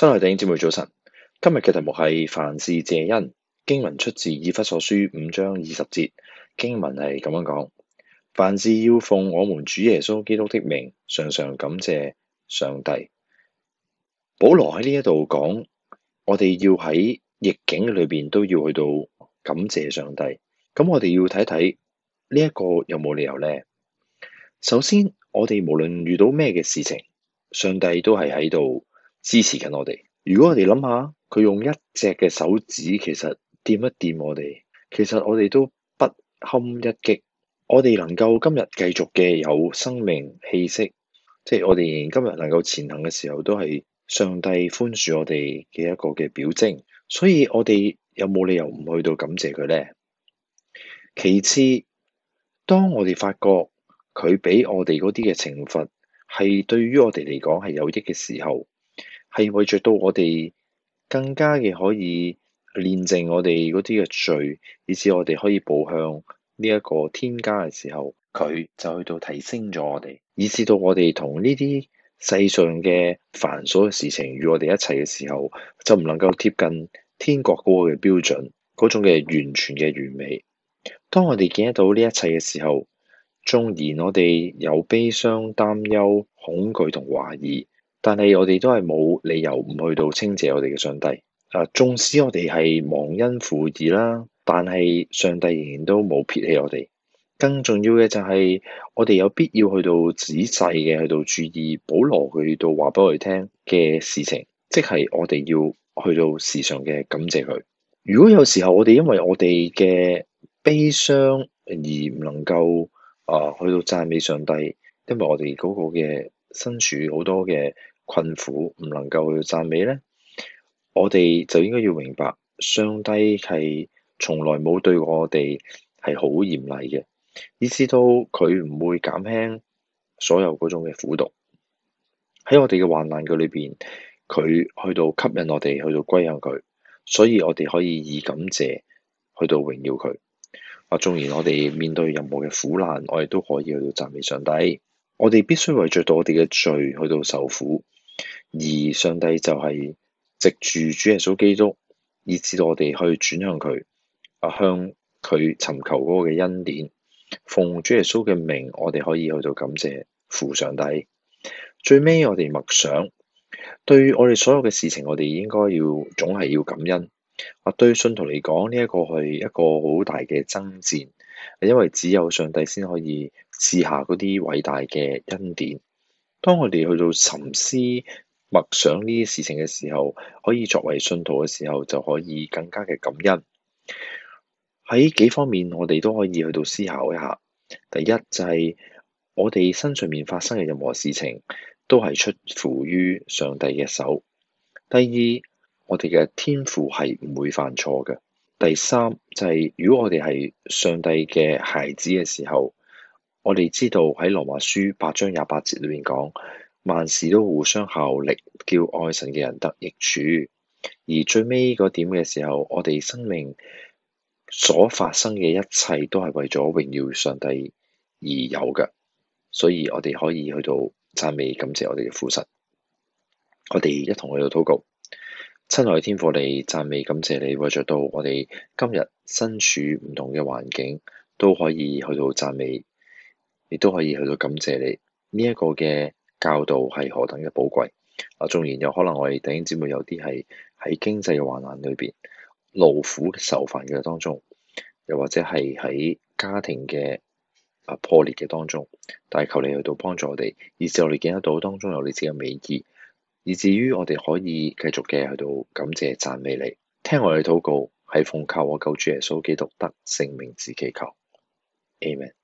新內地姐妹早晨，今日嘅題目係凡事謝恩，經文出自以弗所書五章二十節，經文係咁樣講：凡事要奉我們主耶穌基督的名，常常感謝上帝。保羅喺呢一度講，我哋要喺逆境裏邊都要去到感謝上帝。咁我哋要睇睇呢一個有冇理由呢？首先，我哋無論遇到咩嘅事情，上帝都係喺度。支持緊我哋。如果我哋諗下，佢用一隻嘅手指，其實掂一掂我哋，其實我哋都不堪一擊。我哋能夠今日繼續嘅有生命氣息，即係我哋今日能夠前行嘅時候，都係上帝寬恕我哋嘅一個嘅表徵。所以我哋有冇理由唔去到感謝佢呢？其次，當我哋發覺佢俾我哋嗰啲嘅懲罰係對於我哋嚟講係有益嘅時候。係為著到我哋更加嘅可以煉淨我哋嗰啲嘅罪，以至我哋可以步向呢一個天家嘅時候，佢就去到提升咗我哋，以至到我哋同呢啲世上嘅繁瑣嘅事情與我哋一齊嘅時候，就唔能夠貼近天國嗰個嘅標準，嗰種嘅完全嘅完美。當我哋見得到呢一切嘅時候，縱然我哋有悲傷、擔憂、恐懼同懷疑。但係我哋都係冇理由唔去到稱謝我哋嘅上帝，啊、呃，縱使我哋係忘恩負義啦，但係上帝仍然都冇撇棄我哋。更重要嘅就係我哋有必要去到仔細嘅去到注意保羅去到話俾我哋聽嘅事情，即係我哋要去到時常嘅感謝佢。如果有時候我哋因為我哋嘅悲傷而唔能夠啊、呃、去到讚美上帝，因為我哋嗰個嘅身處好多嘅。困苦唔能夠去讚美咧，我哋就應該要明白，上帝係從來冇對我哋係好嚴厲嘅，意思到佢唔會減輕所有嗰種嘅苦毒。喺我哋嘅患難嘅裏邊，佢去到吸引我哋去到歸向佢，所以我哋可以以感謝去到榮耀佢。啊，縱然我哋面對任何嘅苦難，我哋都可以去到讚美上帝。我哋必須為著到我哋嘅罪去到受苦。而上帝就係藉住主耶穌基督，以至我哋去轉向佢，啊，向佢尋求嗰個嘅恩典，奉主耶穌嘅名，我哋可以去到感謝父上帝。最尾我哋默想，對我哋所有嘅事情，我哋應該要總係要感恩。啊，對信徒嚟講，呢、這個、一個係一個好大嘅爭戰，因為只有上帝先可以賜下嗰啲偉大嘅恩典。當我哋去到沉思，默想呢啲事情嘅時候，可以作為信徒嘅時候就可以更加嘅感恩。喺幾方面我哋都可以去到思考一下。第一就係我哋身上面發生嘅任何事情都係出乎於上帝嘅手。第二，我哋嘅天父係唔會犯錯嘅。第三就係如果我哋係上帝嘅孩子嘅時候，我哋知道喺羅馬書八章廿八節裏面講。萬事都互相效力，叫愛神嘅人得益處。而最尾嗰點嘅時候，我哋生命所發生嘅一切都係為咗榮耀上帝而有嘅，所以我哋可以去到讚美感謝我哋嘅父神。我哋一同去到禱告，親愛天父你，你讚美感謝你，為著到我哋今日身處唔同嘅環境，都可以去到讚美，亦都可以去到感謝你呢一個嘅。教導係何等嘅寶貴，啊，縱然有可能我哋弟兄姊妹有啲係喺經濟嘅患難裏邊，勞苦受煩嘅當中，又或者係喺家庭嘅啊破裂嘅當中，但係求你去到幫助我哋，以至我哋見得到當中有你自己嘅美意，以至於我哋可以繼續嘅去到感謝讚美你，聽我哋禱告，係奉靠我救主耶穌基督得勝名字祈求，阿門。